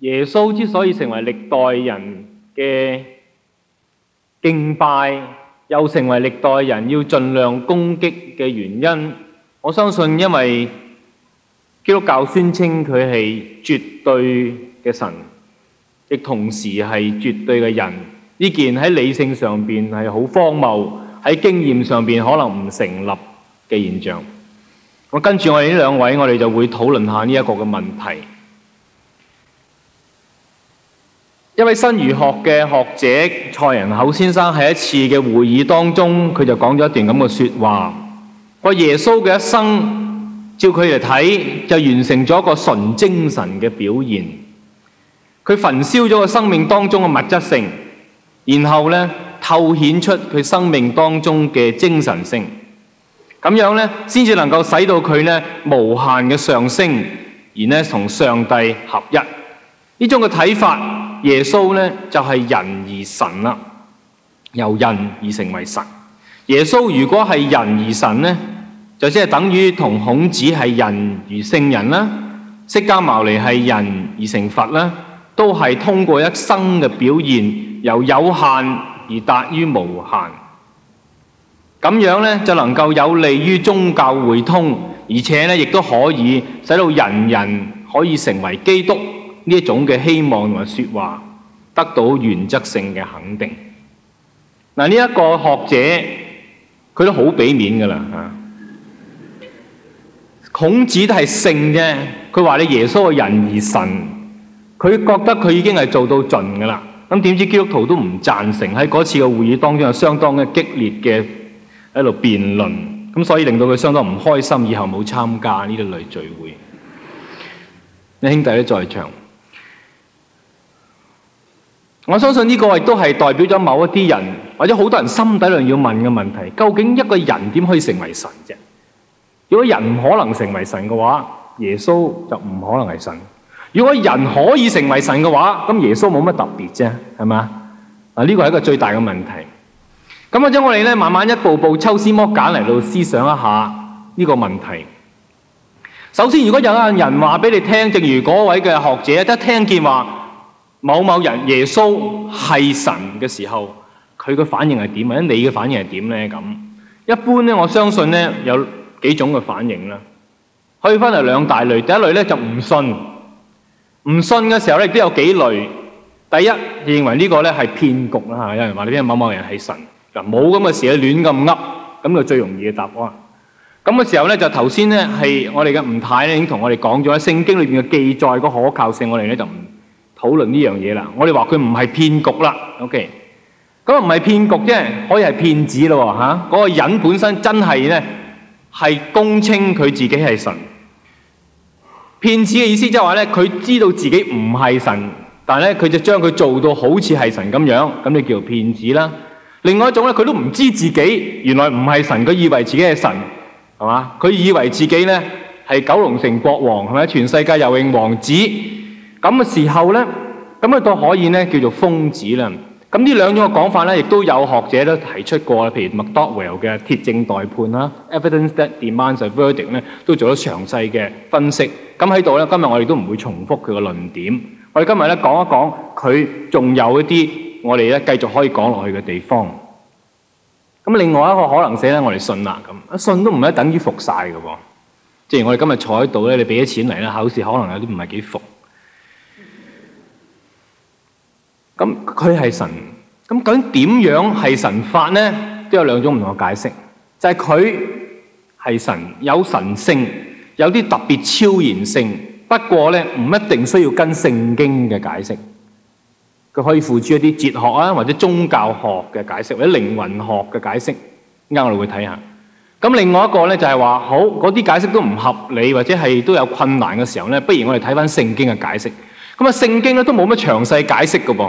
耶穌之所以成為歷代人嘅敬拜，又成為歷代人要盡量攻擊嘅原因，我相信因為基督教宣稱佢係絕對嘅神，亦同時係絕對嘅人，呢件喺理性上面係好荒謬，喺經驗上面可能唔成立嘅現象。我跟住我哋呢兩位，我哋就會討論下呢一個嘅問題。一位新儒學嘅學者蔡仁厚先生喺一次嘅會議當中，佢就講咗一段咁嘅說話。話耶穌嘅一生，照佢嚟睇，就完成咗個純精神嘅表現。佢焚燒咗個生命當中嘅物質性，然後咧，透顯出佢生命當中嘅精神性。咁樣咧，先至能夠使到佢咧無限嘅上升，而呢，同上帝合一。呢種嘅睇法，耶穌呢就係人而神啦，由人而成為神。耶穌如果係人而神呢，就即係等於同孔子係人而聖人啦，釋迦牟尼係人而成佛啦，都係通過一生嘅表現，由有限而達於無限。咁樣呢，就能夠有利於宗教會通，而且呢，亦都可以使到人人可以成為基督。呢一種嘅希望同埋說話得到原則性嘅肯定。嗱，呢一個學者佢都好俾面噶啦嚇。孔子都係聖啫，佢話你耶穌係人而神，佢覺得佢已經係做到盡噶啦。咁點知基督徒都唔贊成，喺嗰次嘅會議當中，係相當嘅激烈嘅喺度辯論，咁所以令到佢相當唔開心，以後冇參加呢類聚會。啲兄弟咧在場。我相信呢個亦都係代表咗某一啲人或者好多人心底裏要問嘅問題：究竟一個人點可以成為神啫？如果人唔可能成為神嘅話，耶穌就唔可能係神；如果人可以成為神嘅話，咁耶穌冇乜特別啫，係嘛？嗱，呢個係一個最大嘅問題。咁或者我哋咧，慢慢一步步抽絲剝繭嚟到思想一下呢個問題。首先，如果有啊人話俾你聽，正如嗰位嘅學者一聽見話。某某人耶穌係神嘅時候，佢嘅反應係點？或者你嘅反應係點咧？咁一般咧，我相信咧有幾種嘅反應啦，可以分為兩大類。第一類咧就唔信，唔信嘅時候咧都有幾類。第一，認為呢個咧係騙局啦嚇，有人話你啲某某人係神嗱，冇咁嘅事啊，亂咁噏，咁就最容易嘅答案。咁嘅時候咧，就頭先咧係我哋嘅吳太咧已經同我哋講咗聖經裏邊嘅記載個可靠性，我哋咧就唔。討論呢樣嘢啦，我哋話佢唔係騙局啦。OK，咁唔係騙局啫，可以係騙子咯。喎、啊。嗰、嗰個人本身真係呢，係公稱佢自己係神，騙子嘅意思即係話呢，佢知道自己唔係神，但係呢，佢就將佢做到好似係神咁樣，咁你叫做騙子啦。另外一種呢，佢都唔知自己原來唔係神，佢以為自己係神，係嘛？佢以為自己呢，係九龍城國王，係咪全世界游泳王子？咁嘅時候咧，咁啊都可以咧叫做瘋子啦。咁呢兩種嘅講法咧，亦都有學者都提出過，譬如 McDowell 嘅鐵證待判啦，Evidence that demands a verdict 咧，都做咗詳細嘅分析。咁喺度咧，今日我哋都唔會重複佢嘅論點。我哋今日咧講一講，佢仲有一啲我哋咧繼續可以講落去嘅地方。咁另外一個可能性咧，我哋信啊咁，信都唔係等於服曬嘅喎。即係我哋今日坐喺度咧，你俾咗錢嚟咧，考試可能有啲唔係幾服。咁佢係神，咁究竟點樣係神法呢？都有兩種唔同嘅解釋，就係佢係神有神性，有啲特別超然性。不過呢，唔一定需要跟聖經嘅解釋。佢可以付諸一啲哲學啊，或者宗教學嘅解釋，或者靈魂學嘅解釋。啱我哋會睇下。咁另外一個呢，就係話，好嗰啲解釋都唔合理，或者係都有困難嘅時候呢，不如我哋睇翻聖經嘅解釋。咁啊，聖經咧都冇乜詳細解釋嘅噃。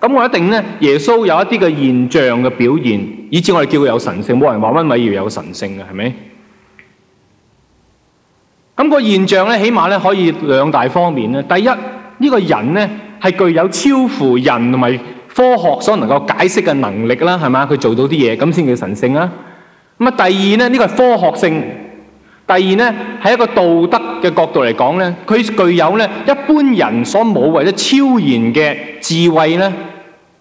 咁我一定咧，耶穌有一啲嘅現象嘅表現，以至我哋叫佢有神性，冇人話溫偉耀要有神性嘅，係咪？咁個現象咧，起碼咧可以兩大方面咧。第一，呢個人咧係具有超乎人同埋科學所能夠解釋嘅能力啦，係嘛？佢做到啲嘢，咁先叫神性啊。咁啊，第二咧呢個係科學性。第二咧喺一個道德嘅角度嚟講咧，佢具有咧一般人所冇或者超然嘅智慧咧。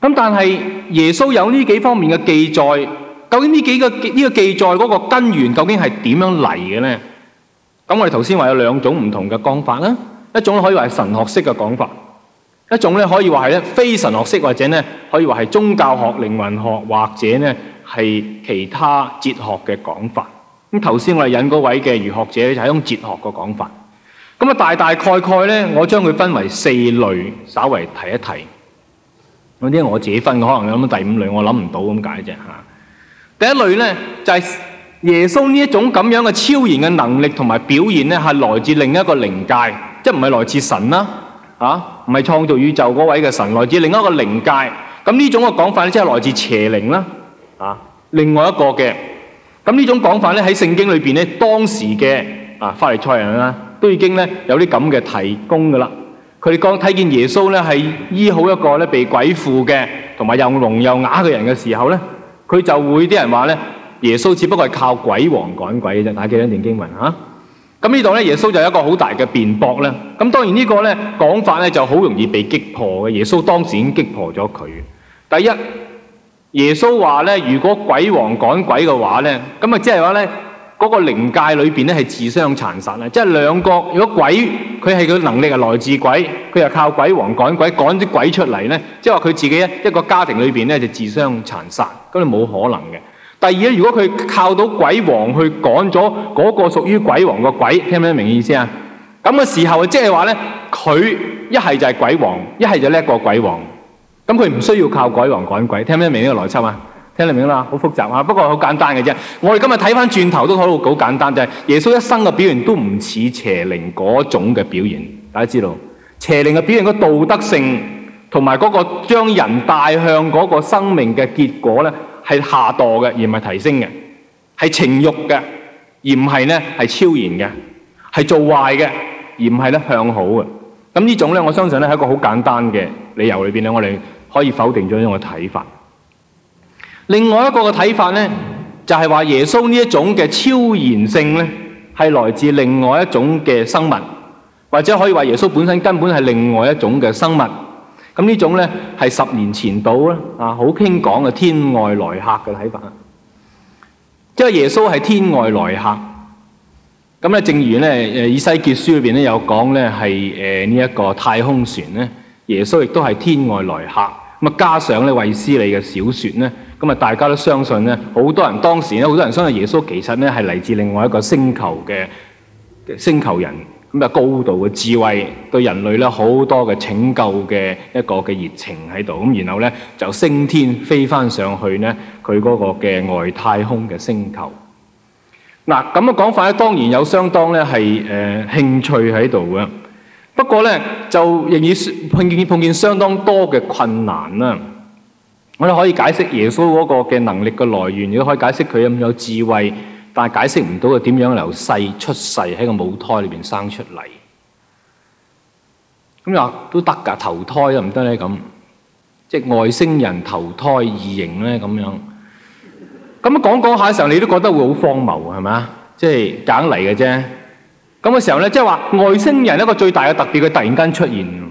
咁但係耶穌有呢幾方面嘅記載，究竟呢幾個呢、呢個記載嗰個根源究竟係點樣嚟嘅呢？咁我哋頭先話有兩種唔同嘅講法啦，一種可以話係神學式嘅講法，一種咧可以話係咧非神學式或者咧可以話係宗教學、靈魂學或者咧係其他哲學嘅講法。咁頭先我哋引嗰位嘅儒學者就係一種哲學嘅講法。咁啊大大概概咧，我將佢分為四類，稍為提一提。嗰啲我自己分嘅，可能你諗到第五類，我諗唔到咁解啫嚇。第一類咧就係耶穌呢一種咁樣嘅超然嘅能力同埋表現咧，係來自另一個靈界，即係唔係來自神啦嚇，唔係創造宇宙嗰位嘅神，來自另一個靈界。咁呢種嘅講法咧，即係來自邪靈啦。另外一個嘅，咁呢種講法咧喺聖經裏邊咧，當時嘅啊法利賽人啦，都已經咧有啲咁嘅提供噶啦。佢哋剛睇見耶穌咧係醫好一個咧被鬼附嘅，同埋又聾又啞嘅人嘅時候咧，佢就會啲人話咧，耶穌只不過係靠鬼王趕鬼啫，大家記得段經文嚇。咁呢度咧耶穌就有一個好大嘅辯駁咧。咁當然呢個咧講法咧就好容易被擊破嘅。耶穌當時已經擊破咗佢。第一，耶穌話咧，如果鬼王趕鬼嘅話咧，咁啊即係話咧。嗰個靈界裏面咧係自相殘殺咧，即係兩個，如果鬼佢係佢能力係來自鬼，佢又靠鬼王趕鬼趕啲鬼出嚟咧，即係話佢自己一一個家庭裏面咧就自相殘殺，咁就冇可能嘅。第二咧，如果佢靠到鬼王去趕咗嗰個屬於鬼王個鬼，聽唔聽明意思啊？咁嘅時候即係話咧，佢一係就係鬼王，一係就叻過鬼王。咁佢唔需要靠鬼王趕鬼，聽唔聽明呢個邏輯啊？聽得明啦，好複雜啊！不過好簡單嘅啫。我哋今日睇翻轉頭都好，好簡單就係、是、耶穌一生嘅表現都唔似邪靈嗰種嘅表現。大家知道邪靈嘅表現嘅、那個、道德性同埋嗰個將人帶向嗰個生命嘅結果咧，係下墮嘅，而唔係提升嘅，係情慾嘅，而唔係咧係超然嘅，係做壞嘅，而唔係咧向好嘅。咁呢種咧，我相信咧係一個好簡單嘅理由裏邊咧，我哋可以否定咗呢種嘅睇法。另外一個嘅睇法呢，就係話耶穌呢一種嘅超然性呢，係來自另外一種嘅生物，或者可以話耶穌本身根本係另外一種嘅生物。咁呢種呢，係十年前到啦，啊好傾講嘅天外來客嘅睇法。因為耶穌係天外來客。咁咧，正如呢誒《以西結書》裏邊咧有講呢係誒呢一個太空船咧，耶穌亦都係天外來客。咁啊，加上呢衛斯理嘅小説咧。咁啊！大家都相信咧，好多人當時咧，好多人相信耶穌其實咧係嚟自另外一個星球嘅嘅星球人，咁啊高度嘅智慧，對人類咧好多嘅拯救嘅一個嘅熱情喺度。咁然後咧就升天飛返上去呢，佢嗰個嘅外太空嘅星球。嗱咁嘅講法咧，當然有相當咧係誒興趣喺度嘅。不過咧就仍然碰見碰見相當多嘅困難啦。我哋可以解釋耶穌嗰個嘅能力嘅來源，亦都可以解釋佢咁有智慧，但係解釋唔到佢點樣由世出世喺個母胎裏邊生出嚟。咁又都得㗎，投胎又唔得咧咁，即係外星人投胎異形咧咁樣。咁講講下嘅時候，你都覺得會好荒謬㗎，係咪啊？即係揀嚟嘅啫。咁嘅時候咧，即係話外星人一個最大嘅特別，佢突然間出現。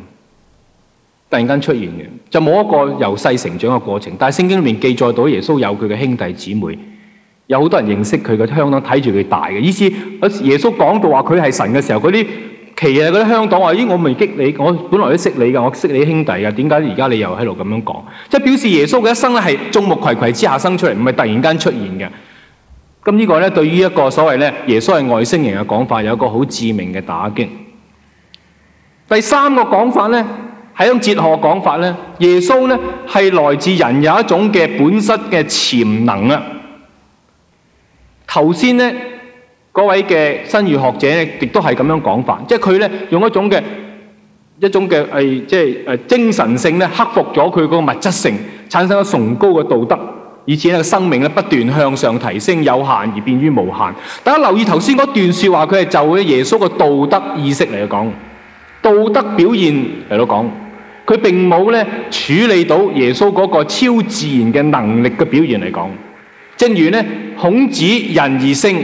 突然間出現嘅，就冇一個由細成長嘅過程。但係聖經裏面記載到耶穌有佢嘅兄弟姊妹，有好多人認識佢嘅香港，睇住佢大嘅。以致耶穌講到話佢係神嘅時候，嗰啲其嘅嗰啲香港話，咦、哎，我未激你，我本來都識你㗎，我識你嘅兄弟㗎，點解而家你又喺度咁樣講？即係表示耶穌嘅一生咧係眾目睽睽之下生出嚟，唔係突然間出現嘅。咁呢個咧對於一個所謂呢耶穌係外星人嘅講法，有一個好致命嘅打擊。第三個講法呢，係一種哲學講法咧，耶穌咧係來自人有一種嘅本質嘅潛能啊。頭先咧，嗰位嘅新儒學者咧，亦都係咁樣講法，即係佢咧用一種嘅一種嘅係即係誒，精神性咧克服咗佢嗰個物質性，產生咗崇高嘅道德，而且咧生命咧不斷向上提升，有限而變於無限。大家留意頭先嗰段說話，佢係就喺耶穌嘅道德意識嚟講，道德表現嚟到講。佢並冇咧處理到耶穌嗰個超自然嘅能力嘅表現嚟講，正如咧孔子仁而聖，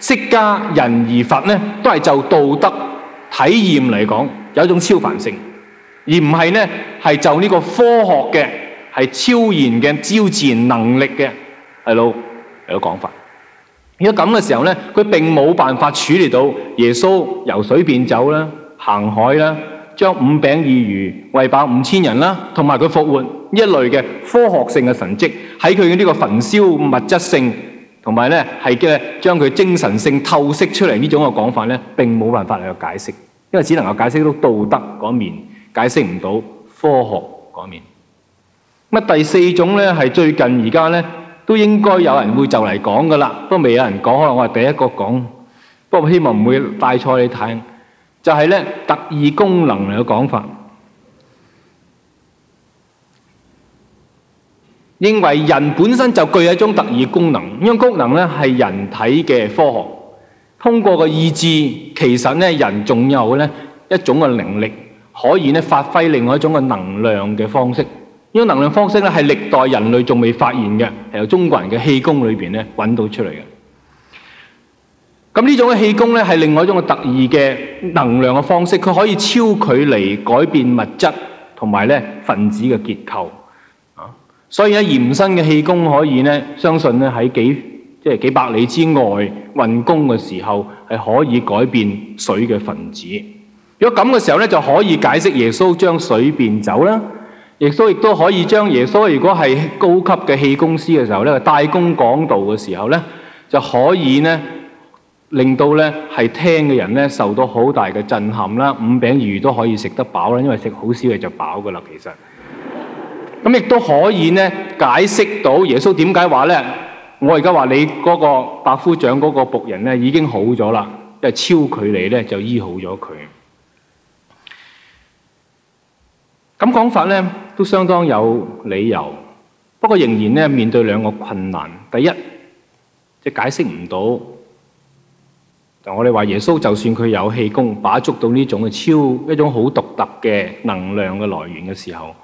釋迦仁而佛咧，都係就道德體驗嚟講有一種超凡性，而唔係咧係就呢個科學嘅係超然嘅超自然能力嘅係咯有講法。如果咁嘅時候咧，佢並冇辦法處理到耶穌由水變走啦，行海啦。將五餅二魚餵飽五千人啦，同埋佢復活一類嘅科學性嘅神蹟喺佢嘅呢個焚燒物質性，同埋咧係嘅將佢精神性透析出嚟呢種嘅講法咧，並冇辦法嚟解釋，因為只能夠解釋到道德嗰面，解釋唔到科學嗰面。咁第四種咧係最近而家咧都應該有人會就嚟講噶啦，都未有人講，可能我係第一個講，不過希望唔會帶錯你睇。就係咧特異功能嘅講法，認為人本身就具有一種特異功能。呢種功能咧係人體嘅科學，通過個意志，其實咧人仲有咧一種嘅能力，可以咧發揮另外一種嘅能量嘅方式。呢種能量方式咧係歷代人類仲未發現嘅，係由中國人嘅氣功裏面咧搵到出嚟嘅。咁呢種嘅氣功咧，係另外一種嘅特異嘅能量嘅方式，佢可以超距離改變物質同埋咧分子嘅結構啊！所以咧延伸嘅氣功可以咧，相信咧喺幾即係幾百里之外運功嘅時候，係可以改變水嘅分子。如果咁嘅時候咧，就可以解釋耶穌將水變酒啦。耶穌亦都可以將耶穌如果係高級嘅氣功師嘅時候咧，帶功講道嘅時候咧，就可以咧。令到咧係聽嘅人咧受到好大嘅震撼啦，五餅魚都可以食得飽啦，因為食好少嘢就飽噶啦。其實咁亦都可以咧解釋到耶穌點解話咧，我而家話你嗰個百夫長嗰個僕人咧已經好咗啦，即係超距離咧就醫好咗佢。咁講法咧都相當有理由，不過仍然咧面對兩個困難，第一即解釋唔到。我哋話耶穌就算佢有氣功，把捉到呢種超一種好獨特嘅能量嘅來源嘅時候，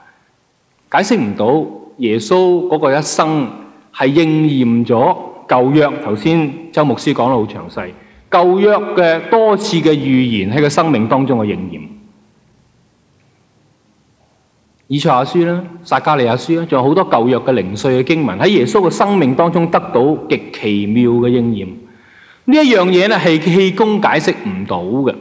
解釋唔到耶穌嗰個一生係應驗咗舊約。頭先周牧師講得好詳細，舊約嘅多次嘅預言喺佢生命當中嘅應驗，以賽亞書啦、撒迦利亞書啦，仲有好多舊約嘅零碎嘅經文喺耶穌嘅生命當中得到極奇妙嘅應驗。呢一樣嘢咧係氣功解釋唔到嘅，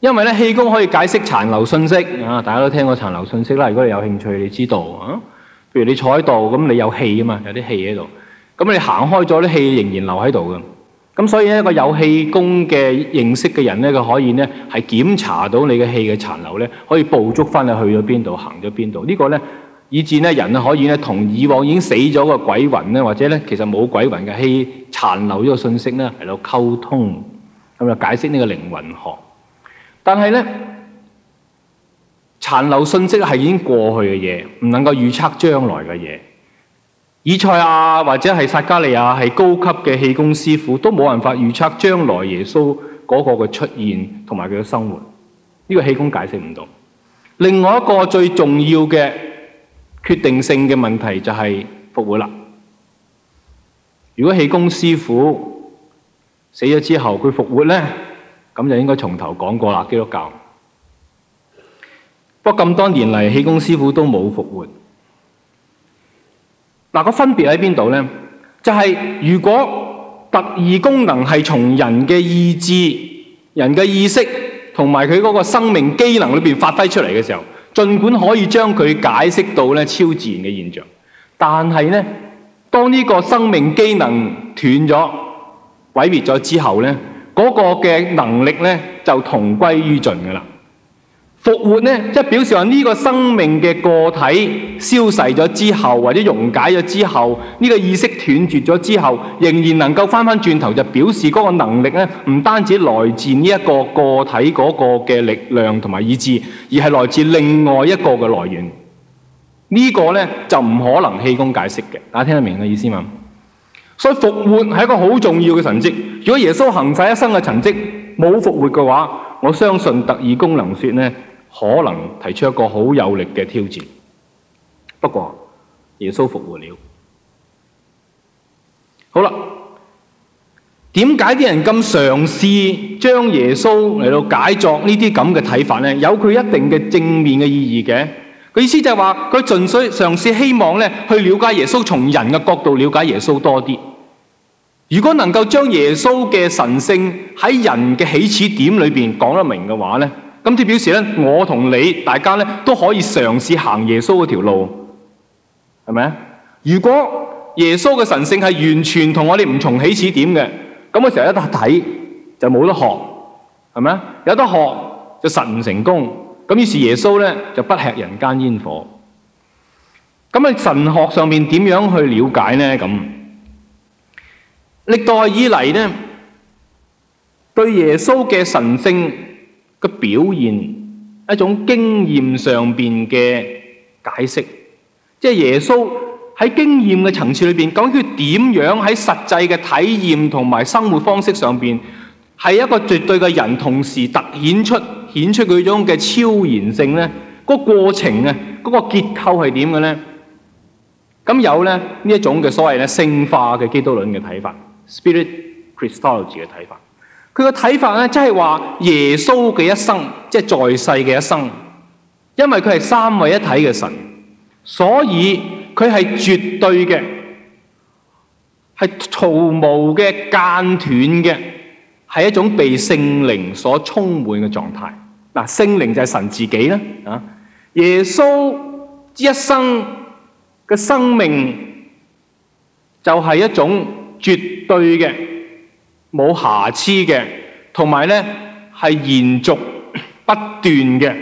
因為咧氣功可以解釋殘留信息啊！大家都聽過殘留信息啦，如果你有興趣，你知道啊。譬如你坐喺度，咁你有氣啊嘛，有啲氣喺度，咁你行開咗，啲氣仍然留喺度嘅。咁所以呢個有氣功嘅認識嘅人咧，佢可以咧係檢查到你嘅氣嘅殘留咧，可以捕捉翻你去咗邊度，行咗邊度。這個、呢個咧。以至咧人咧可以咧同以往已經死咗嘅鬼魂咧，或者咧其實冇鬼魂嘅氣殘留呢個信息咧，喺度溝通，咁就解釋呢個靈魂學。但係咧殘留信息係已經過去嘅嘢，唔能夠預測將來嘅嘢。以賽亞或者係撒加利亞係高級嘅氣功師傅，都冇辦法預測將來耶穌嗰個嘅出現同埋佢嘅生活，呢個氣功解釋唔到。另外一個最重要嘅。決定性嘅問題就係復活啦。如果氣功師傅死咗之後佢復活咧，咁就應該從頭講過啦。基督教，不過咁多年嚟氣功師傅都冇復活。嗱，個分別喺邊度咧？就係如果特異功能係從人嘅意志、人嘅意識同埋佢嗰個生命機能裏邊發揮出嚟嘅時候。盡管可以將佢解釋到超自然嘅現象，但係咧，當呢個生命機能斷咗、毀滅咗之後呢，嗰、嗰個嘅能力呢就同歸於盡㗎喇。復活呢，即表示話呢個生命嘅個體消逝咗之後，或者溶解咗之後，呢個意識斷絕咗之後，仍然能夠翻翻轉頭，就表示嗰個能力呢，唔單止來自呢一個個體嗰個嘅力量同埋意志，而係來自另外一個嘅來源。呢個呢就唔可能氣功解釋嘅，大家聽得明嘅意思嘛？所以復活係一個好重要嘅神蹟。如果耶穌行使一生嘅神蹟冇復活嘅話，我相信特異功能說呢。可能提出一個好有力嘅挑戰。不過，耶穌復活了。好啦，點解啲人咁嘗試將耶穌嚟到解作呢啲咁嘅睇法呢？有佢一定嘅正面嘅意義嘅。佢意思就係話，佢純粹嘗試希望咧去了解耶穌，從人嘅角度了解耶穌多啲。如果能夠將耶穌嘅神性喺人嘅起始點裏面講得明嘅話呢。咁即表示咧，我同你大家咧都可以嘗試行耶穌嗰條路，係咪？如果耶穌嘅神性係完全同我哋唔從起始點嘅，咁我成日有得睇就冇得學，係咪？有得學就實唔成功，咁於是耶穌咧就不吃人間煙火。咁喺神學上面點樣去了解咧？咁歷代以嚟咧，對耶穌嘅神性。個表現一種經驗上邊嘅解釋，即係耶穌喺經驗嘅層次裏邊究竟，佢點樣喺實際嘅體驗同埋生活方式上邊係一個絕對嘅人，同時突顯出顯出佢種嘅超然性咧。個過程啊，嗰個結構係點嘅咧？咁有咧呢這一種嘅所謂咧聖化嘅基督論嘅睇法，spirit Christology 嘅睇法。佢個睇法咧，即係話耶穌嘅一生，即係在世嘅一生，因為佢係三位一體嘅神，所以佢係絕對嘅，係毫無嘅間斷嘅，係一種被聖靈所充滿嘅狀態。嗱，聖靈就係神自己啦。啊，耶穌一生嘅生命就係一種絕對嘅。冇瑕疵嘅，同埋咧，係延續不斷嘅，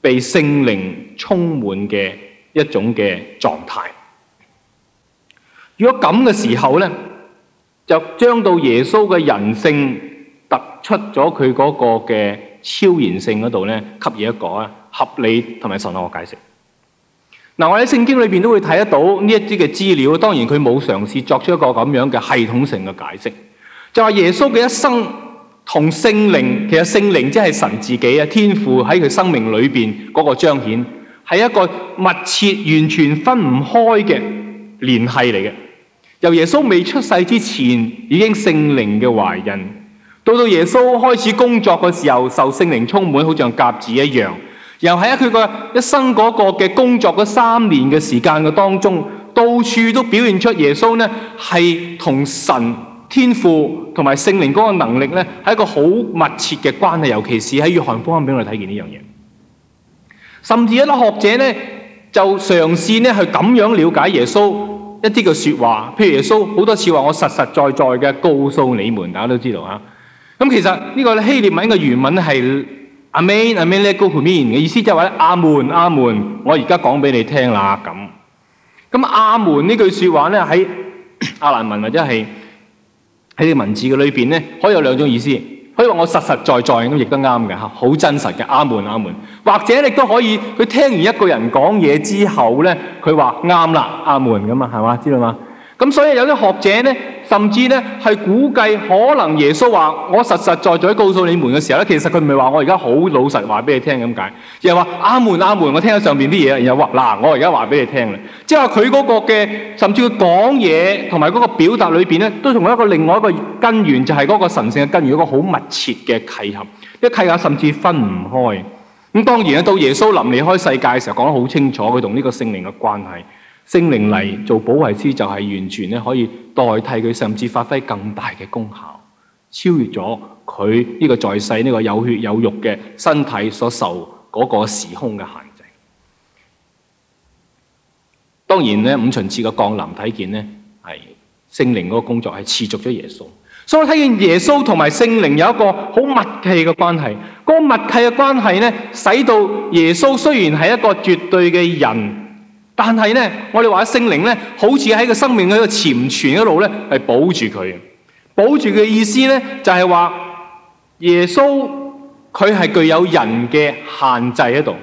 被聖靈充滿嘅一種嘅狀態。如果咁嘅時候咧，就將到耶穌嘅人性突出咗佢嗰個嘅超然性嗰度咧，給予一個啊，合理同埋神學嘅解釋。嗱，我哋喺聖經裏邊都會睇得到呢一啲嘅資料，當然佢冇嘗試作出一個咁樣嘅系統性嘅解釋。就話耶穌嘅一生同聖靈，其實聖靈即係神自己啊，天父喺佢生命裏邊嗰個彰顯，係一個密切完全分唔開嘅聯繫嚟嘅。由耶穌未出世之前已經聖靈嘅懷孕，到到耶穌開始工作嘅時候，受聖靈充滿，好似甲子一樣。又喺佢個一生嗰個嘅工作嗰三年嘅時間嘅當中，到處都表現出耶穌呢係同神。天賦同埋聖靈嗰個能力咧，係一個好密切嘅關係，尤其是喺約翰福音俾我哋睇見呢樣嘢。甚至一啲學者咧，就嘗試咧去咁樣了解耶穌一啲嘅説話，譬如耶穌好多次話：我實實在在嘅告訴你們，大家都知道嚇。咁其實呢個希臘文嘅原文係 Amen, Amen, go, come 嘅意思就是，就係話阿門，阿門，我而家講俾你聽啦咁。咁阿門呢句説話咧，喺 阿蘭文或者係喺啲文字嘅裏面呢，可以有兩種意思，可以話我實實在在咁亦都啱嘅，好真實嘅，啱門啱門，或者你都可以，佢聽完一個人講嘢之後呢，佢話啱喇，啱門咁啊，係嘛，知道嗎？所以有啲學者呢。甚至呢，係估計可能耶穌話：我實實在在告訴你們嘅時候呢，其實佢唔係話我而家好老實話俾你聽咁解，又係話啱門啱門，我聽到上面啲嘢，然後話嗱，我而家話俾你聽啦，即係佢嗰個嘅甚至佢講嘢同埋嗰個表達裏邊呢，都同一個另外一個根源，就係嗰個神性嘅根源，一個好密切嘅契合，一契合甚至分唔開。咁當然到耶穌臨離開世界嘅時候，講得好清楚，佢同呢個聖靈嘅關係。聖靈嚟做保惠師就係完全咧可以代替佢，甚至發揮更大嘅功效，超越咗佢呢個在世呢、這個有血有肉嘅身體所受嗰個時空嘅限制。當然咧，五旬節嘅降臨睇見咧係聖靈嗰個工作係持續咗耶穌，所以睇見耶穌同埋聖靈有一個好默契嘅關係。嗰、那個默契嘅關係咧，使到耶穌雖然係一個絕對嘅人。但係咧，我哋話聖靈咧，好似喺個生命嗰個潛存喺度咧，係保住佢。保住佢嘅意思咧，就係話耶穌佢係具有人嘅限制喺度，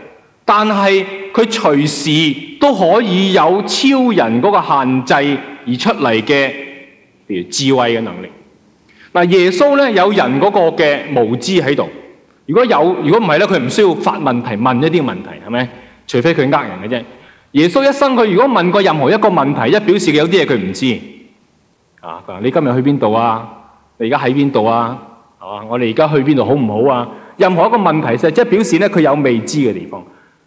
但係佢隨時都可以有超人嗰個限制而出嚟嘅，譬如智慧嘅能力。嗱，耶穌咧有人嗰個嘅無知喺度。如果有，如果唔係咧，佢唔需要發問題，問一啲問題，係咪？除非佢呃人嘅啫。耶穌一生佢如果問過任何一個問題，一表示有啲嘢佢唔知。啊，你今日去邊度啊？你而家喺邊度啊？啊，我哋而家去邊度好唔好啊？任何一個問題即係即係表示咧，佢有未知嘅地方。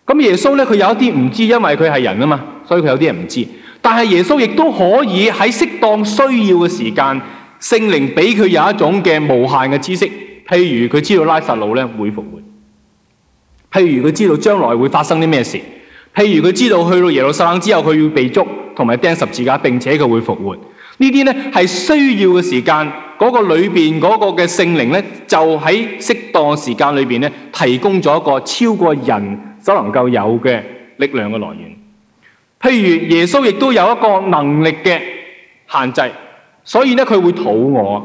咁耶穌咧，佢有一啲唔知，因為佢係人啊嘛，所以佢有啲人唔知。但係耶穌亦都可以喺適當需要嘅時間，聖靈俾佢有一種嘅無限嘅知識。譬如佢知道拉撒路咧會復活，譬如佢知道將來會發生啲咩事。譬如佢知道去到耶路撒冷之後佢要被捉同埋釘十字架，並且佢會復活，呢啲呢係需要嘅時間。嗰個裏面嗰個嘅聖靈呢，就喺適當時間裏面呢，提供咗一個超過人所能夠有嘅力量嘅來源。譬如耶穌亦都有一個能力嘅限制，所以呢，佢會肚餓，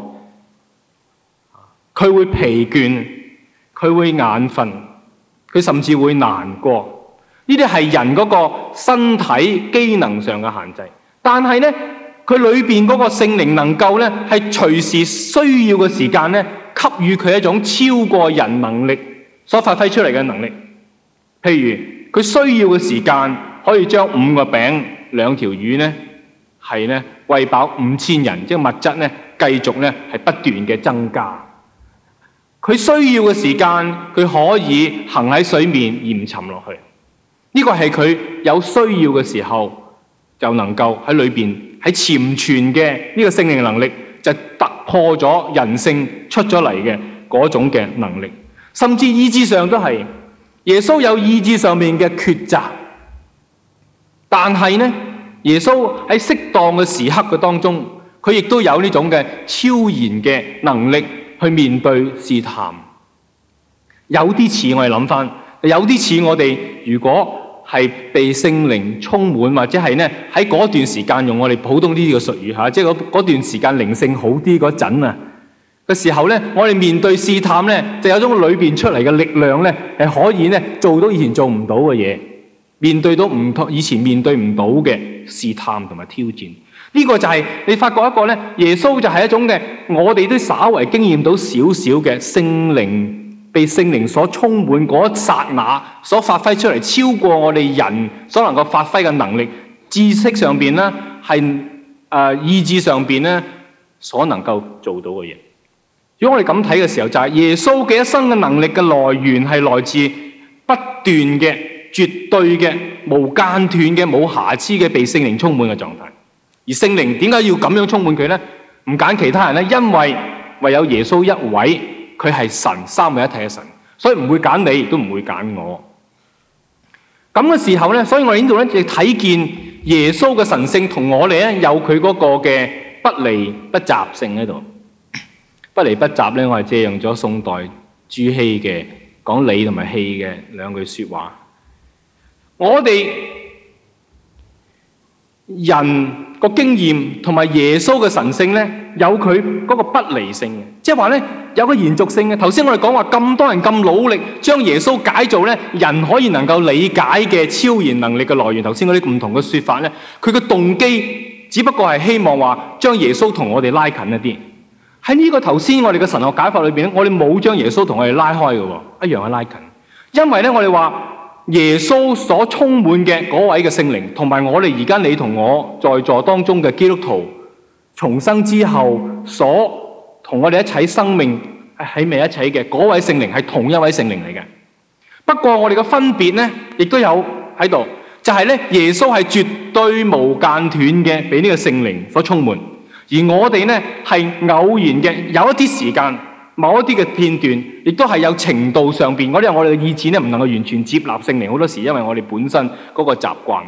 佢會疲倦，佢會眼瞓，佢甚至會難過。呢啲係人嗰個身體機能上嘅限制，但係呢，佢裏面嗰個聖靈能夠呢，係隨時需要嘅時間呢，給予佢一種超過人能力所發揮出嚟嘅能力。譬如佢需要嘅時間，可以將五個餅、兩條魚呢，係呢餵飽五千人，即係物質呢繼續呢係不斷嘅增加。佢需要嘅時間，佢可以行喺水面而唔沉落去。呢個係佢有需要嘅時候就能夠喺裏邊喺潛存嘅呢個聖靈能力就突破咗人性出咗嚟嘅嗰種嘅能力，甚至意志上都係耶穌有意志上面嘅抉擇，但係呢耶穌喺適當嘅時刻嘅當中，佢亦都有呢種嘅超然嘅能力去面對試探，有啲似我哋諗返，有啲似我哋如果。係被聖靈充滿，或者係呢喺嗰段時間用我哋普通啲嘅術語嚇，即係嗰段時間靈性好啲嗰陣啊嘅時候呢，候我哋面對試探呢，就有一種裏面出嚟嘅力量呢，係可以呢做到以前做唔到嘅嘢，面對到唔以前面對唔到嘅試探同埋挑戰。呢、這個就係你發覺一個呢，耶穌就係一種嘅，我哋都稍為經驗到少少嘅聖靈。被聖靈所充滿嗰一剎那，所發揮出嚟超過我哋人所能夠發揮嘅能力，知識上邊呢，係誒、呃、意志上邊呢，所能夠做到嘅嘢。如果我哋咁睇嘅時候，就係、是、耶穌嘅一生嘅能力嘅來源係來自不斷嘅、絕對嘅、無間斷嘅、冇瑕疵嘅被聖靈充滿嘅狀態。而聖靈點解要咁樣充滿佢呢？唔揀其他人呢，因為唯有耶穌一位。佢係神，三位一體嘅神，所以唔會揀你，亦都唔會揀我。咁嘅時候咧，所以我哋呢度咧，就睇見耶穌嘅神性同我哋咧，有佢嗰個嘅不離不雜性喺度。不離不雜咧，我係借用咗宋代朱熹嘅講理同埋氣嘅兩句說話。我哋人個經驗同埋耶穌嘅神性咧，有佢嗰個不離性嘅，即係話呢，有個延續性嘅。頭先我哋講話咁多人咁努力將耶穌解做呢，人可以能夠理解嘅超然能力嘅來源。頭先嗰啲唔同嘅說法呢，佢嘅動機只不過係希望話將耶穌同我哋拉近一啲。喺呢個頭先我哋嘅神學解法裏邊，我哋冇將耶穌同我哋拉開喎，一樣去拉近。因為呢，我哋話耶穌所充滿嘅嗰位嘅聖靈，同埋我哋而家你同我在座當中嘅基督徒。重生之後，所同我哋一齊生命喺埋一齊嘅嗰位聖靈，係同一位聖靈嚟嘅。不過我哋嘅分別呢，亦都有喺度，就係呢，耶穌係絕對無間斷嘅，俾呢個聖靈所充滿；而我哋呢，係偶然嘅，有一啲時間，某一啲嘅片段，亦都係有程度上面。嗰啲我哋嘅意志呢，唔能夠完全接納聖靈好多時，因為我哋本身嗰個習慣。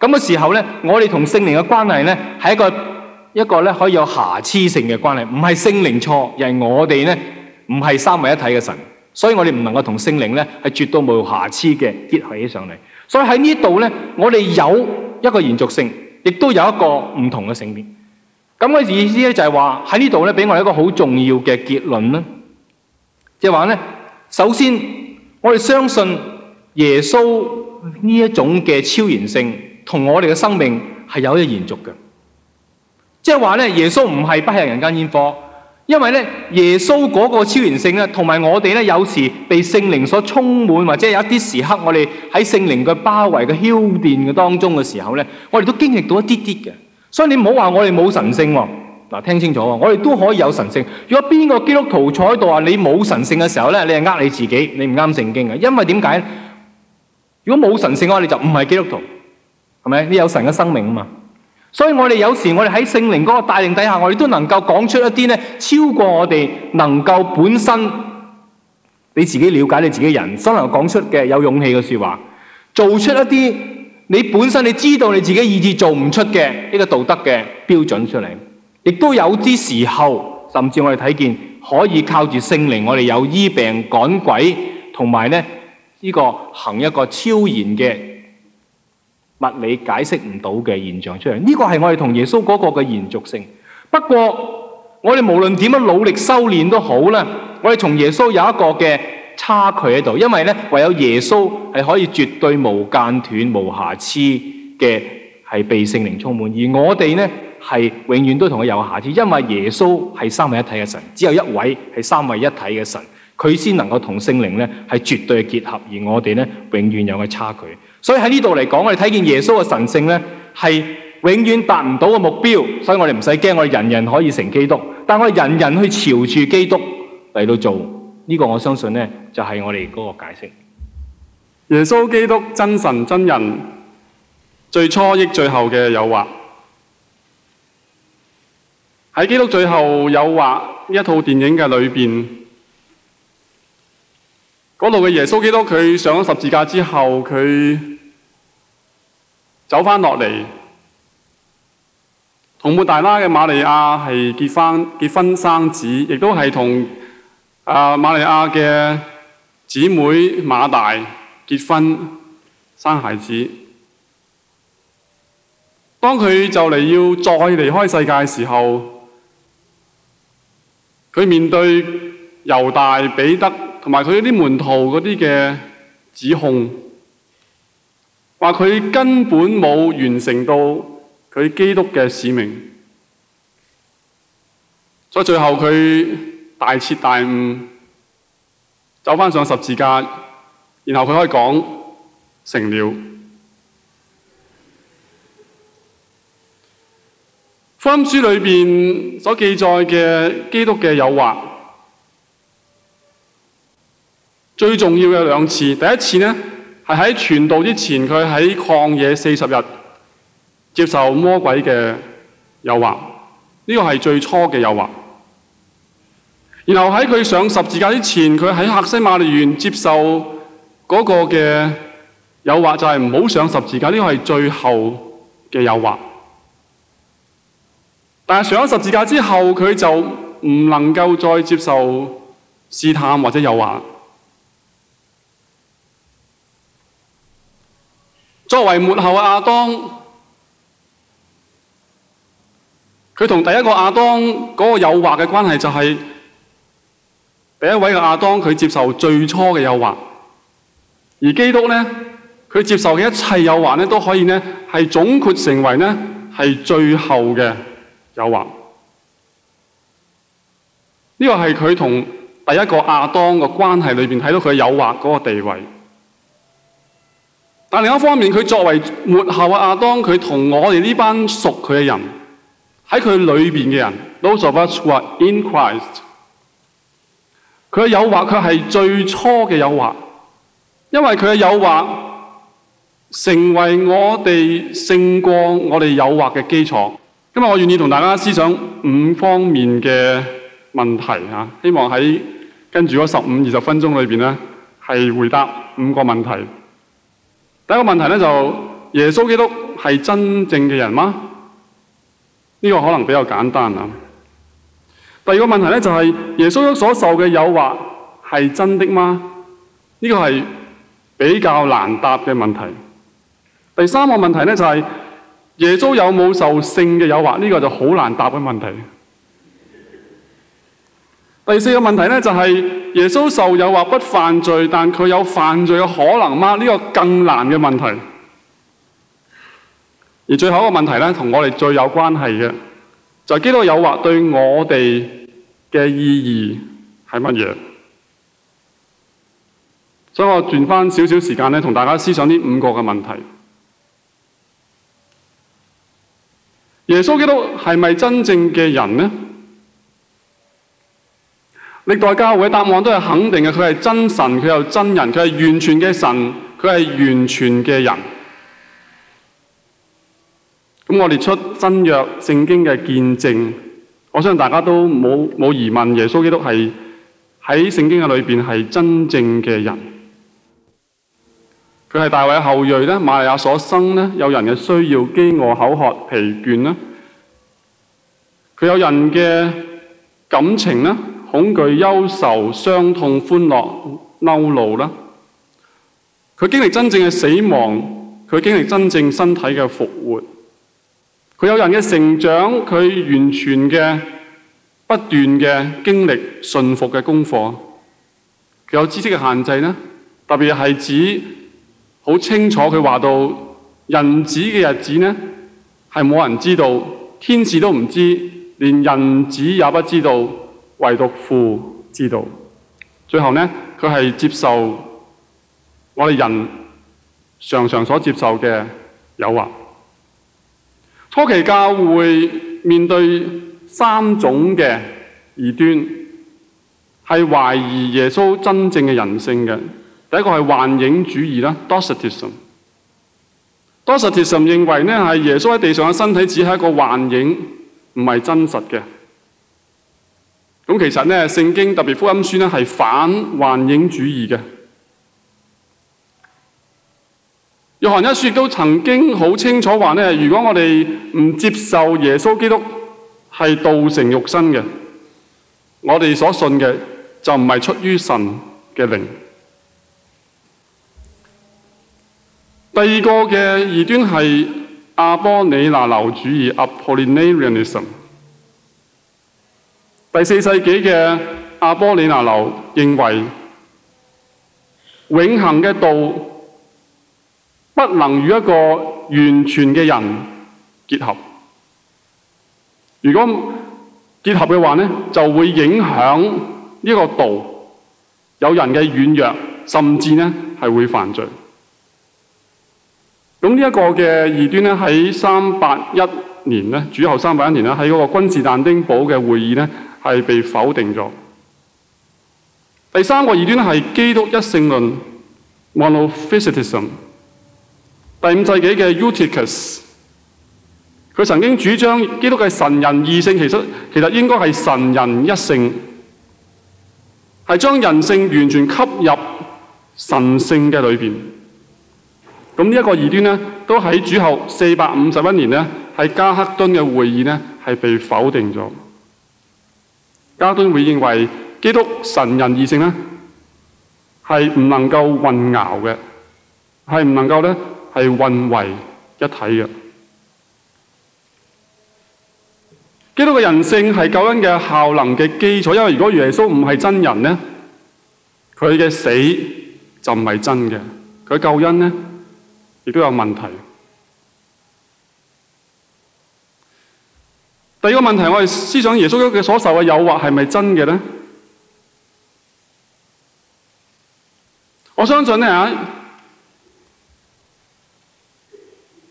咁嘅時候呢，我哋同聖靈嘅關係呢，係一個。一個咧可以有瑕疵性嘅關係，唔係聖靈錯，又係我哋咧唔係三位一體嘅神，所以我哋唔能夠同聖靈咧係絕對冇瑕疵嘅結合起上嚟。所以喺呢度咧，我哋有一個延續性，亦都有一個唔同嘅性別。咁嘅意思咧就係話，喺呢度咧，俾我哋一個好重要嘅結論啦，即係話咧，首先我哋相信耶穌呢一種嘅超然性同我哋嘅生命係有一個延續嘅。即係話咧，耶穌唔係不食人間煙火，因為咧耶穌嗰個超然性咧，同埋我哋咧有時被聖靈所充滿，或者有一啲時刻我哋喺聖靈嘅包圍嘅囂電嘅當中嘅時候咧，我哋都經歷到一啲啲嘅。所以你唔好話我哋冇神性，嗱聽清楚我哋都可以有神性。如果邊個基督徒坐喺度話，你冇神性嘅時候咧，你係呃你自己，你唔啱聖經嘅。因為點解？如果冇神性嘅話，你就唔係基督徒，係咪？你有神嘅生命啊嘛。所以我哋有時，我哋喺聖靈嗰個大能底下，我哋都能夠講出一啲咧超過我哋能夠本身你自己了解你自己人生能夠講出嘅有勇氣嘅說話，做出一啲你本身你知道你自己意志做唔出嘅一個道德嘅標準出嚟。亦都有啲時候，甚至我哋睇見可以靠住聖靈，我哋有醫病趕鬼，同埋呢呢個行一個超然嘅。物理解釋唔到嘅現象出嚟，呢個係我哋同耶穌嗰個嘅延續性。不過，我哋無論點樣努力修煉都好呢，我哋同耶穌有一個嘅差距喺度，因為咧唯有耶穌係可以絕對無間斷、無瑕疵嘅，係被聖靈充滿，而我哋呢，係永遠都同佢有瑕疵，因為耶穌係三位一體嘅神，只有一位係三位一體嘅神，佢先能夠同聖靈咧係絕對結合，而我哋咧永遠有個差距。所以喺呢度嚟講，我哋睇見耶穌嘅神聖呢，係永遠達唔到嘅目標，所以我哋唔使驚，我哋人人可以成基督，但我哋人人去朝住基督嚟到做呢、這個，我相信呢，就是我哋嗰個解釋。耶穌基督真神真人，最初抑最後嘅誘惑。喺基督最後誘惑呢一套電影嘅裏面。嗰度嘅耶穌基督，佢上咗十字架之後，佢走返落嚟，同抹大拉嘅瑪利亞係結婚生子，亦都係同啊瑪利亞嘅姊妹馬大結婚生孩子。當佢就嚟要再離開世界嘅時候，佢面對猶大彼得。同埋佢啲門徒嗰啲嘅指控，話佢根本冇完成到佢基督嘅使命。所以最後佢大徹大悟，走翻上十字架，然後佢可以講成了。福音書裏邊所記載嘅基督嘅誘惑。最重要嘅兩次，第一次呢，係喺傳道之前，佢喺曠野四十日接受魔鬼嘅誘惑，呢個係最初嘅誘惑。然後喺佢上十字架之前，佢喺客西馬尼園接受嗰個嘅誘惑，就係唔好上十字架，呢個係最後嘅誘惑。但係上咗十字架之後，佢就唔能夠再接受試探或者誘惑。作為末後嘅亞當，佢同第一個亞當嗰個誘惑嘅關係就係，第一位嘅亞當佢接受最初嘅誘惑，而基督呢，佢接受嘅一切誘惑呢都可以呢係總括成為呢係最後嘅誘惑。呢、這個係佢同第一個亞當嘅關係裏面，睇到佢嘅誘惑嗰個地位。但另一方面，佢作為末後嘅亞當，佢同我哋呢班屬佢嘅人喺佢裏邊嘅人，都受誘惑、誘惑。佢嘅誘惑，佢係最初嘅誘惑，因為佢嘅誘惑成為我哋勝過、我哋誘惑嘅基礎。今日我願意同大家思想五方面嘅問題啊，希望喺跟住嗰十五、二十分鐘裏邊咧，係回答五個問題。第一個問題呢，就耶穌基督係真正嘅人嗎？呢個可能比較簡單啦。第二個問題呢，就係耶穌所受嘅誘惑係真的嗎？呢個係比較難答嘅問題。第三個問題呢，就係耶穌有冇受性嘅誘惑？呢個就好難答嘅問題。第四個問題咧，就係耶穌受誘惑不犯罪，但佢有犯罪嘅可能嗎？呢、這個更難嘅問題。而最後一個問題咧，同我哋最有關係嘅，就係、是、基督嘅誘惑對我哋嘅意義係乜嘢？所以我轉翻少少時間咧，同大家思想呢五個嘅問題。耶穌基督係咪真正嘅人呢？歷代教會答案都係肯定嘅，佢係真神，佢又真人，佢係完全嘅神，佢係完全嘅人。咁我列出真約聖經嘅見證，我相信大家都冇冇疑問，耶穌基督係喺聖經嘅裏邊係真正嘅人。佢係大衛嘅後裔咧，瑪利亞所生咧，有人嘅需要，飢餓、口渴、疲倦啦，佢有人嘅感情啦。恐懼、憂愁、傷痛、歡樂、嬲怒啦。佢經歷真正嘅死亡，佢經歷真正身體嘅復活，佢有人嘅成長，佢完全嘅不斷嘅經歷、順服嘅功課。佢有知識嘅限制呢，特別係指好清楚他，佢話到人子嘅日子呢係冇人知道，天使都唔知，連人子也不知道。唯獨父知道。最後呢，佢係接受我哋人常常所接受嘅誘惑。初期教會面對三種嘅異端，係懷疑耶穌真正嘅人性嘅。第一個係幻影主義啦 Docetism，Docetism 認為呢係耶穌喺地上嘅身體只係一個幻影，唔係真實嘅。咁其實咧，聖經特別福音書是係反幻影主義嘅。約翰一書都曾經好清楚話，如果我哋唔接受耶穌基督係道成肉身嘅，我哋所信嘅就唔係出於神嘅靈。第二個嘅異端係阿波尼那流主義 （Apollinarianism）。第四世紀嘅阿波里那流認為，永恆嘅道不能與一個完全嘅人結合。如果結合嘅話呢，就會影響呢個道，有人嘅軟弱，甚至咧係會犯罪。那這個的異端呢，一個嘅異端咧，喺三八一年，主後三八一年咧，喺嗰個君士但丁堡嘅會議呢是被否定咗。第三個異端是係基督一性論 （Monophysitism）。Mon is ism, 第五世紀嘅 Eutychus，佢曾經主張基督嘅神人二性其實其實應該係神人一性，係將人性完全吸入神性嘅裏面。這呢一個異端呢都喺主後四百五十一年咧，喺加克敦嘅會議咧，係被否定咗。家都會認為基督神人二性咧係唔能夠混淆嘅，是唔能夠咧係混為一體嘅。基督嘅人性是救恩嘅效能嘅基礎，因為如果耶穌唔是真人咧，佢嘅死就唔係真嘅，佢救恩呢，亦都有問題。第二個問題，我哋思想耶穌基督所受嘅誘惑係咪真嘅咧？我相信咧吓，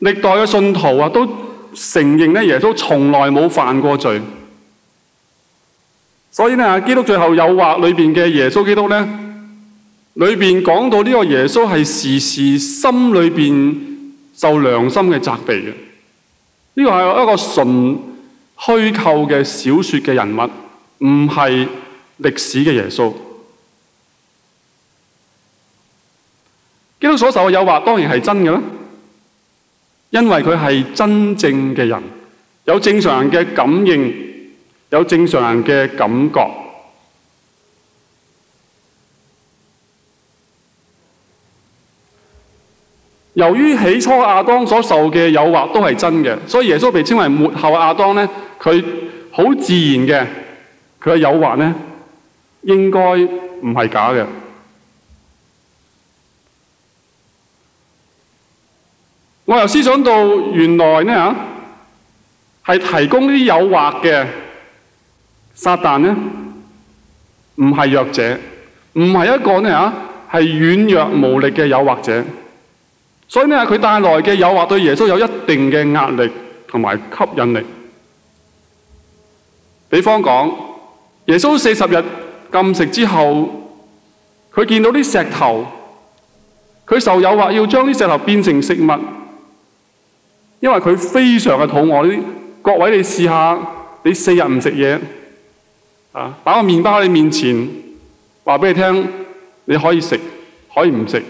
歷代嘅信徒啊都承認咧耶穌從來冇犯過罪，所以咧啊，基督最後誘惑裏邊嘅耶穌基督咧，裏邊講到呢個耶穌係時時心裏邊受良心嘅責備嘅，呢、這個係一個純。虛構嘅小說嘅人物唔係歷史嘅耶穌，基督所受嘅誘惑當然係真嘅啦，因為佢係真正嘅人，有正常人嘅感應，有正常人嘅感覺。由於起初亞當所受嘅誘惑都係真嘅，所以耶穌被稱為末後亞當咧。佢好自然嘅，佢嘅誘惑呢，應該唔係假嘅。我由思想到原來呢係提供啲誘惑嘅撒旦。呢，唔係弱者，唔係一個呢嚇係軟弱無力嘅誘惑者，所以呢佢帶來嘅誘惑對耶穌有一定嘅壓力同埋吸引力。比方講，耶穌四十日禁食之後，佢見到啲石頭，佢受誘惑要將啲石頭變成食物，因為佢非常嘅肚餓。各位你試下，你四日唔食嘢，啊，擺個麵包喺你面前，話俾你聽，你可以食，可以唔食，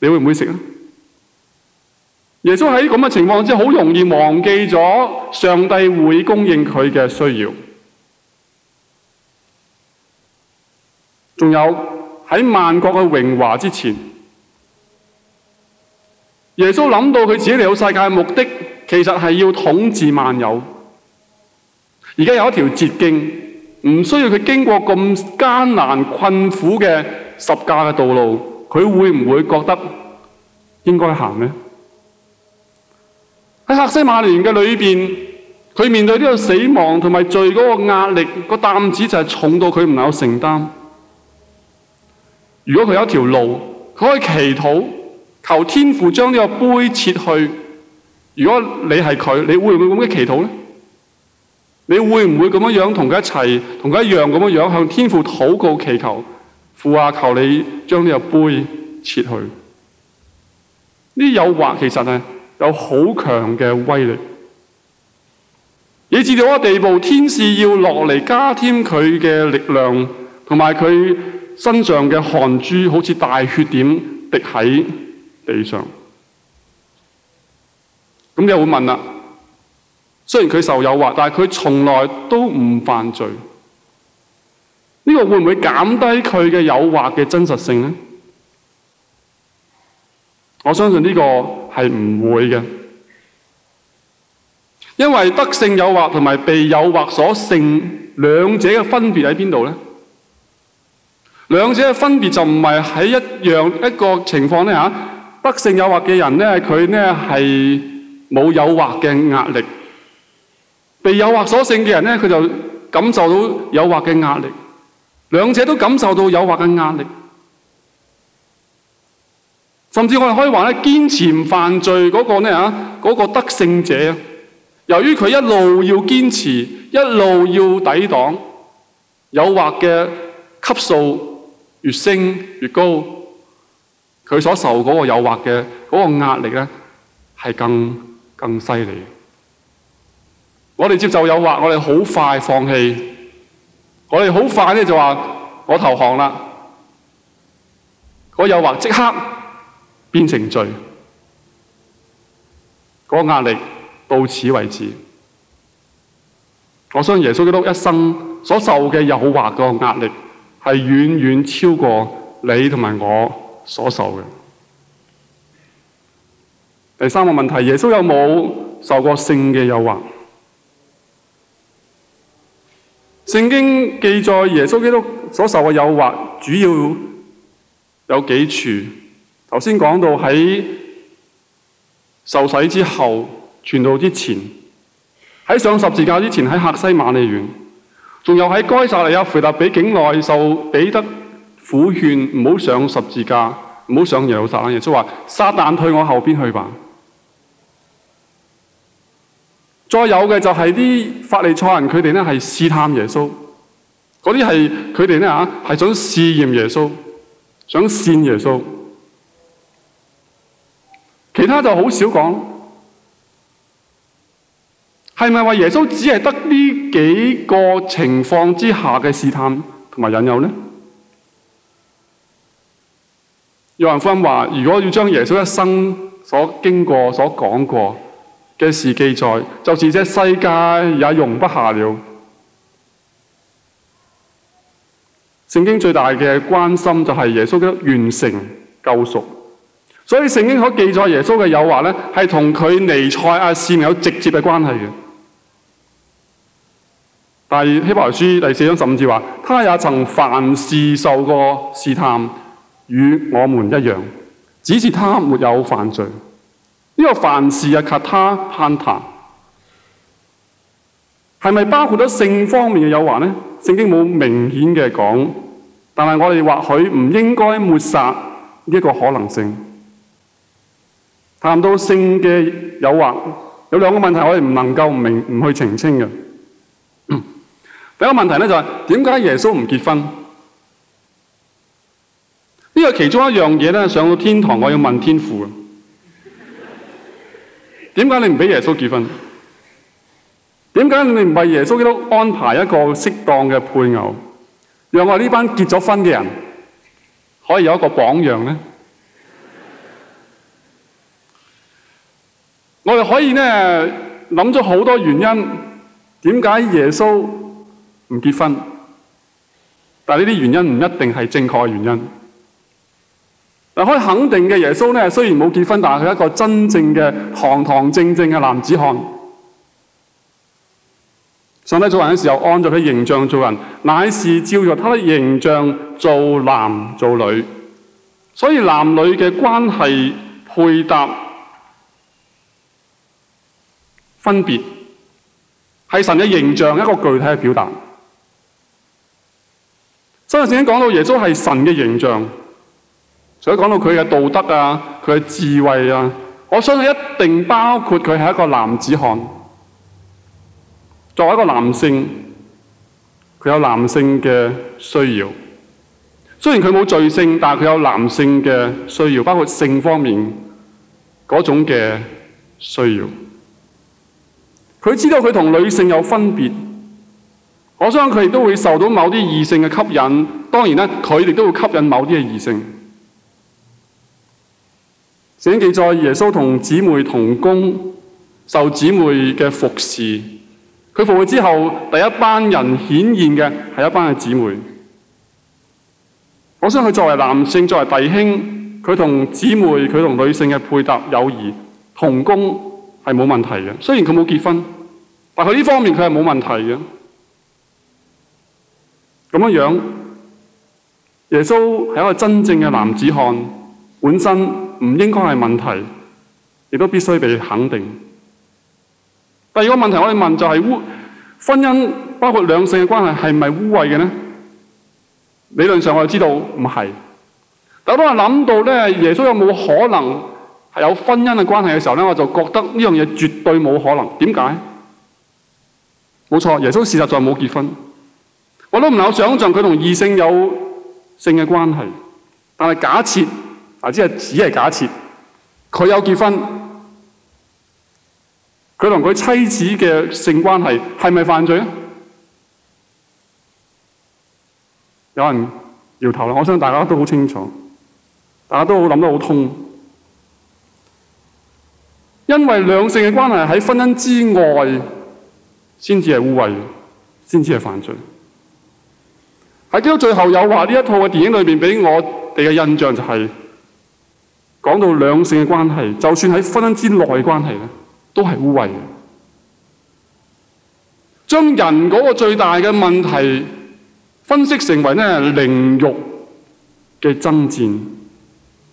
你會唔會食啊？耶穌喺咁嘅情況之下，好容易忘記咗上帝會供應佢嘅需要。仲有喺萬國嘅榮華之前，耶穌諗到佢自己嚟到世界嘅目的，其實係要統治萬有。而家有一條捷徑，唔需要佢經過咁艱難、困苦嘅十架嘅道路，佢會唔會覺得應該行呢？在客西馬尼園嘅裏面，佢面對這個死亡同埋罪嗰個壓力，那個擔子就是重到他不能夠承擔。如果他有一條路，他可以祈禱求天父將這個杯撤去。如果你是他，你會不會這樣祈禱呢？你會不會這樣跟他一起，跟他一樣，咁樣向天父禱告祈求，父啊，求你將這個杯撤去。這些誘惑其實啊～有好強嘅威力，以至到嗰個地步，天使要落嚟，加添佢嘅力量，同埋佢身上嘅汗珠好似大血點滴喺地上。咁你就會問啦，雖然佢受誘惑，但係佢從來都唔犯罪。呢個會唔會減低佢嘅誘惑嘅真實性呢？我相信呢個係唔會嘅因為得勝誘惑同埋被誘惑所勝兩者嘅分別喺邊度咧？兩者嘅分別就唔係喺一樣一個情況咧吓。得勝誘惑嘅人他佢咧係冇誘惑嘅壓力；被誘惑所勝嘅人咧，佢就感受到誘惑嘅壓力。兩者都感受到誘惑嘅壓力。甚至我哋可以話呢，堅持唔犯罪嗰個呢，嗰個得勝者，由於佢一路要堅持，一路要抵擋誘惑嘅級數越升越高，佢所受嗰個誘惑嘅嗰個壓力呢，係更更犀利。我哋接受誘惑，我哋好快放棄，我哋好快呢，就話我投降啦，嗰誘惑即刻，變成罪，個壓力到此為止。我相信耶穌基督一生所受嘅誘惑個壓力，係遠遠超過你同埋我所受嘅。第三個問題：耶穌有冇受過性嘅誘惑？聖經記載耶穌基督所受嘅誘惑主要有幾處？頭先講到喺受洗之後，傳道之前，喺上十字架之前，喺客西馬尼園，仲有喺該撒利亞腓立比境內受彼得苦勸唔好上十字架，唔好上耶路撒冷。耶穌話：撒旦退我後邊去吧。再有嘅就係啲法利賽人，佢哋呢係試探耶穌，嗰啲係佢哋呢，係想試驗耶穌，想試驗耶穌。其他就好少講，係咪話耶穌只係得呢幾個情況之下嘅試探同埋引誘呢？約翰福音話：如果要將耶穌一生所經過、所講過嘅事記載，就是這世界也容不下了。聖經最大嘅關心就係耶穌的完成救贖。所以聖經所記載耶穌嘅誘惑咧，係同佢彌賽亞使命有直接嘅關係嘅。但係希伯來書第四章十五節話，他也曾凡事受過試探，與我們一樣，只是他沒有犯罪。呢、這個凡事啊，卡他潘他，係咪包括咗性方面嘅誘惑咧？聖經冇明顯嘅講，但係我哋或許唔應該抹殺呢個可能性。談到性嘅誘惑，有兩個問題我哋唔能夠唔去澄清嘅。第一個問題呢，就係點解耶穌唔結婚？呢個其中一樣嘢呢，上到天堂我要問天父，點解你唔畀耶穌結婚？點解你唔為耶穌基督安排一個適當嘅配偶，讓我呢班結咗婚嘅人可以有一個榜樣呢？我哋可以諗咗好多原因，點解耶穌唔結婚？但係呢啲原因唔一定係正確嘅原因。但可以肯定嘅，耶穌雖然冇結婚，但係佢一個真正嘅堂堂正正嘅男子漢。上帝造人嘅時候，按照佢形象造人，乃是照着他的形象造男造女，所以男女嘅關係配搭。分別係神嘅形象一個具體嘅表達。所以頭先講到耶穌係神嘅形象，所以講到佢嘅道德啊，佢嘅智慧啊，我相信一定包括佢係一個男子漢。作為一個男性，佢有男性嘅需要。雖然佢冇罪性，但係佢有男性嘅需要，包括性方面嗰種嘅需要。佢知道佢同女性有分別，我相信佢亦都會受到某啲異性嘅吸引。當然咧，佢亦都會吸引某啲嘅異性。聖經記載耶穌同姊妹同工，受姊妹嘅服侍。佢復活之後，第一班人顯現嘅係一班嘅姊妹。我相信佢作為男性，作為弟兄，佢同姊妹、佢同女性嘅配搭、友誼、同工係冇問題嘅。雖然佢冇結婚。但佢呢方面佢係冇問題嘅，咁樣樣耶穌係一個真正嘅男子漢，本身唔應該係問題，亦都必須被肯定。第二個問題我哋問就係、是、污婚姻，包括兩性嘅關係係咪污穢嘅呢？理論上我哋知道唔係，但我都諗到咧耶穌有冇可能係有婚姻嘅關係嘅時候咧，我就覺得呢樣嘢絕對冇可能。點解？沒錯，耶穌事實上冇結婚，我都不能想象他同異性有性的關係。但是假設，或者只是假設，他有結婚，他和他妻子的性關係是不是犯罪啊？有人搖頭了，我相信大家都很清楚，大家都很想得很通，因為兩性的關係在婚姻之外，先至係污穢，先至係犯罪。喺《基督最後誘惑》呢一套嘅電影裏邊，俾我哋嘅印象就係、是，講到兩性嘅關係，就算喺婚姻之內嘅關係咧，都係污穢嘅。將人嗰個最大嘅問題分析成為咧靈欲嘅爭戰，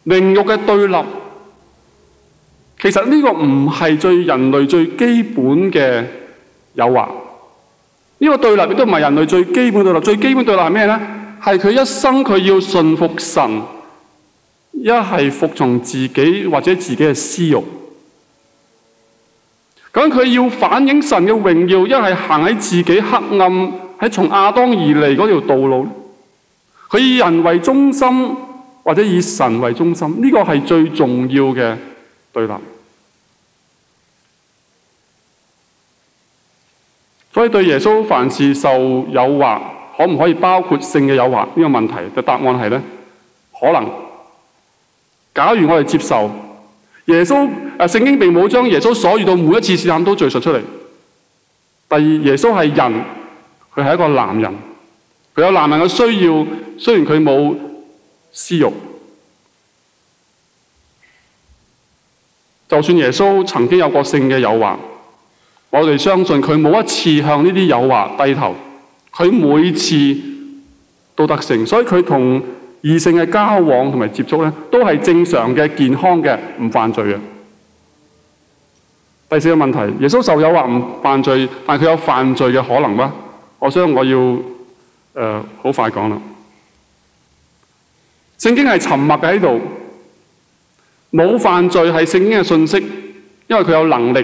靈欲嘅對立，其實呢個唔係最人類最基本嘅。有啊，呢個對立亦都唔係人類最基本對立，最基本對立係咩咧？係佢一生佢要信服神，一係服從自己或者自己嘅私欲。咁佢要反映神嘅榮耀，一係行喺自己黑暗喺從亞當而嚟嗰條道路，佢以人為中心或者以神為中心，呢個係最重要嘅對立。.所以對耶穌凡事受誘惑，可唔可以包括性嘅誘惑呢？這個問題嘅答案係呢？可能。假如我哋接受耶穌，呃，聖經並冇將耶穌所遇到每一次試探都敘述出嚟。第二，耶穌係人，佢係一個男人，佢有男人嘅需要。雖然佢冇私欲，就算耶穌曾經有過性嘅誘惑。我哋相信佢冇一次向呢啲誘惑低頭，佢每次都得成，所以佢同異性嘅交往同埋接觸呢，都係正常嘅、健康嘅，唔犯罪嘅。第四個問題，耶穌受誘惑唔犯罪，但係佢有犯罪嘅可能嗎？我想我要很好快講啦。聖經係沉默嘅喺度，冇犯罪係聖經嘅信息，因為佢有能力。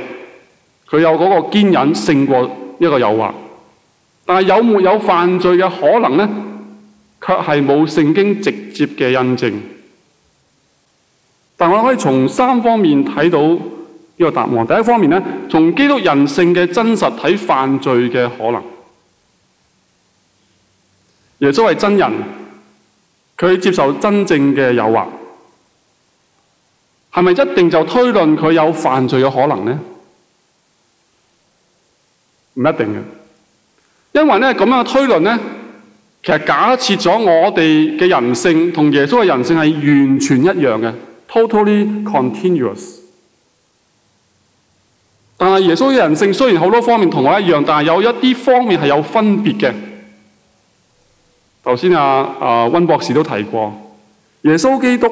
佢有嗰個堅忍勝過一個誘惑，但係，有沒有犯罪嘅可能呢？卻係冇聖經直接嘅印證。但我可以從三方面睇到呢個答案。第一方面咧，從基督人性嘅真實睇犯罪嘅可能。耶穌係真人，佢接受真正嘅誘惑，係咪一定就推論佢有犯罪嘅可能呢？唔一定嘅，因為呢咁樣嘅推論呢，其實假設咗我哋嘅人性同耶穌嘅人性係完全一樣嘅，totally continuous。但係耶穌嘅人性雖然好多方面同我一樣，但係有一啲方面係有分別嘅、啊。頭先阿阿温博士都提過，耶穌基督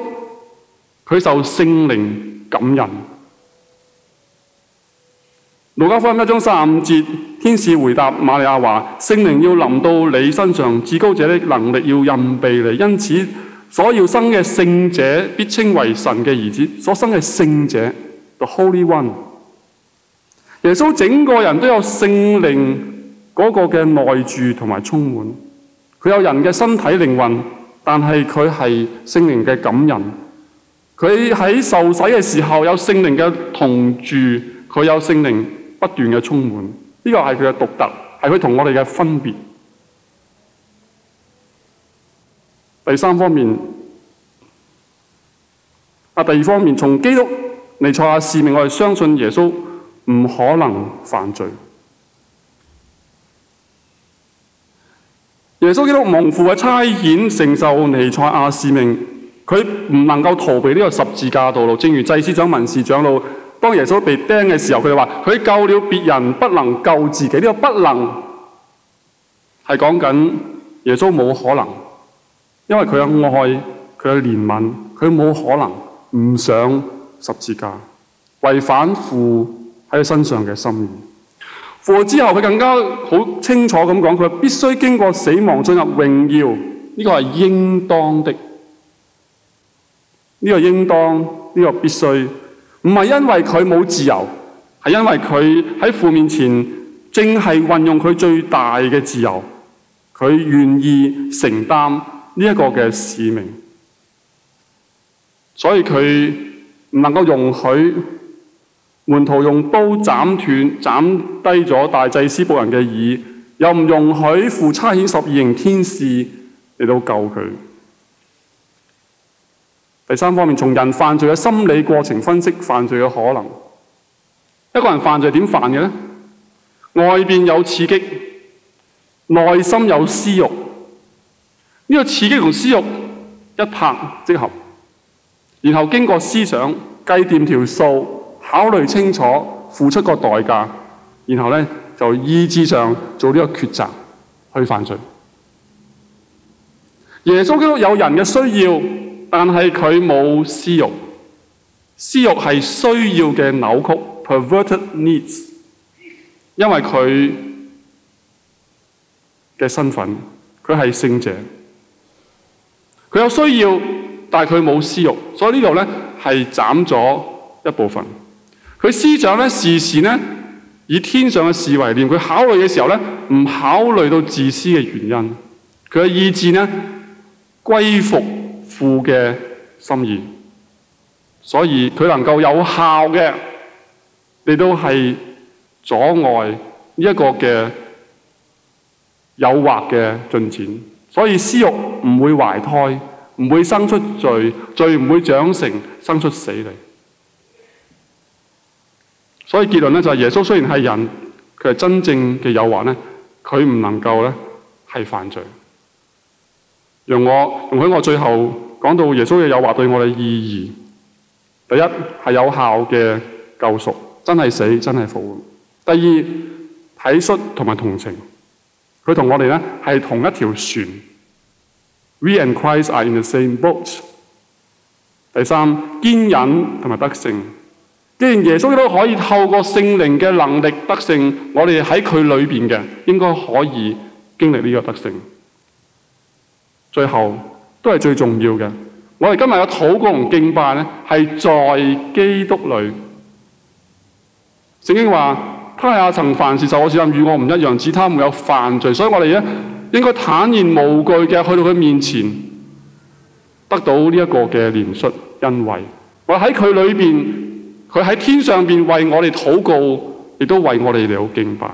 佢受聖靈感人。路加福音一章三五節。天使回答瑪利亞話，聖靈要臨到你身上，至高者的能力要任備你。因此所要生嘅聖者必稱為神嘅兒子。所生嘅聖者，the Holy One。耶穌整個人都有聖靈嗰個嘅內住同埋充滿。佢有人嘅身體靈魂，但係佢係聖靈嘅感人。佢喺受洗嘅時候有聖靈嘅同住，佢有聖靈不斷嘅充滿。呢個係佢嘅獨特，係佢同我哋嘅分別。第三方面，第二方面，從基督尼賽亞使命，我哋相信耶穌唔可能犯罪。耶穌基督蒙父嘅差遣，承受尼賽亞使命，佢唔能夠逃避呢個十字架道路。正如祭司長、文士長老。當耶穌被釘的時候，佢就說，他救了別人，不能救自己。這個不能是說緊耶穌冇可能，因為他有愛，他有憐憫，佢冇可能不上十字架，違反父在佢身上的心意。父之後，他更加很清楚咁說，他說必須經過死亡進入榮耀，這個是應當的。這個應當，這個必須。唔係因為佢冇自由，係因為佢喺父面前正係運用佢最大嘅自由，佢願意承擔呢一個嘅使命，所以佢唔能夠容許門徒用刀斬斷、斬低咗大祭司僕人嘅耳，又唔容許父差遣十二營天使嚟到救佢。第三方面，從人犯罪嘅心理過程分析犯罪嘅可能。一個人犯罪係點犯嘅咧？外面有刺激，內心有私欲。呢個刺激同私欲一拍即合，然後經過思想計掂條數，考慮清楚付出個代價，然後咧就意志上做呢個抉擇去犯罪。耶穌基督有人嘅需要。但係佢冇私欲，私欲係需要嘅扭曲 （perverted needs），因為佢嘅身份，佢係聖者，佢有需要，但係佢冇私欲，所以呢度咧係斬咗一部分。佢思想咧時時咧以天上嘅事為念，佢考慮嘅時候咧唔考慮到自私嘅原因，佢嘅意志咧歸服父的心意，所以他能夠有效的你都是阻礙這個的誘惑的進展。所以私欲不會懷胎，不會生出罪，罪不會長成生出死嚟。所以結論就是耶穌雖然是人，他係真正的誘惑咧，佢唔能夠咧係犯罪。容我容許我最後。講到耶穌嘅誘惑對我哋意義，第一係有效嘅救贖，真係死真係復活；第二體恤同埋同情，佢同我哋咧係同一條船。We and Christ are in the same boat。第三堅忍同埋得勝，既然耶穌亦都可以透過聖靈嘅能力得勝，我哋喺佢裏邊嘅應該可以經歷呢個得勝。最後。都是最重要嘅。我哋今日嘅禱告同敬拜是在基督裏。聖經話，他也曾凡事受過試探，與我唔一樣，只他沒有犯罪。所以我哋應該坦然無懼嘅去到佢面前，得到呢一個嘅憐恤恩惠。我喺佢裏面，佢喺天上邊為我哋禱告，亦都為我哋嚟敬拜。